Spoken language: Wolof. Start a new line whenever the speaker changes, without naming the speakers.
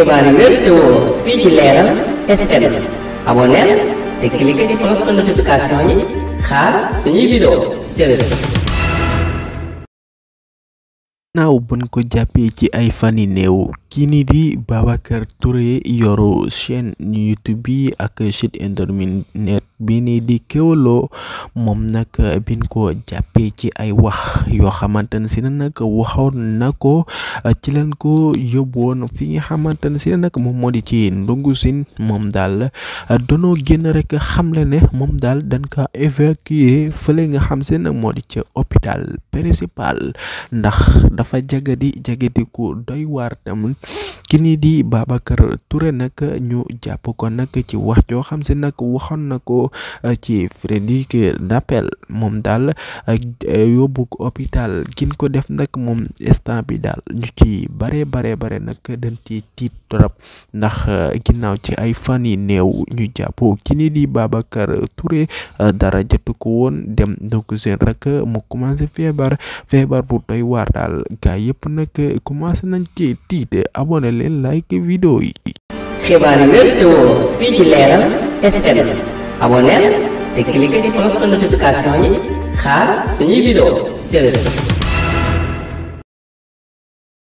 xibaar yi wér te ci leeral SN aboneel naaw buñ ko jàppee ci ay fan yu kii nii di Babacar Touré yoru chaîne YouTube bi ak site net bi nii di Kéwoulo moom nag biñ ko jàppee ci ay wax yoo xamante ne si ne nag waxoon na ko ci leen ko yóbbuwoon fi nga xamante ne si ne nag moom moo di ci ndungu sin moom daal danoo génn rek xamle ne moom daal dañ ko évacuer fële nga xam si nag moo di ci hôpital principal ndax dafa jagadi jagadi ko doy waar tamit ki nii di Babacar Touré nag ñu jàpp ko nag ci wax joo xam si nag waxoon na ko eh, ci Frédéric Napel moom daal eh, yóbbu ko hôpital gin ko def nag moom instant bi daal ñu ci bare bare bare nag dañ ci tiit torop ndax eh, ginnaaw ci ay fan yi néew ñu jàpp ki nii di Babacar Touré dara jotu ko woon dem donc seen rek mu commencé feebar feebar bu doy waar daal gaa yëpp nag commencé nañ ci tiite abonné leen like vidéo yi
xibaar yi wér te woo fii ci leeral SN
aboneel te cliquer ci cloche de notification yi xaar suñuy vidéo jërëjëf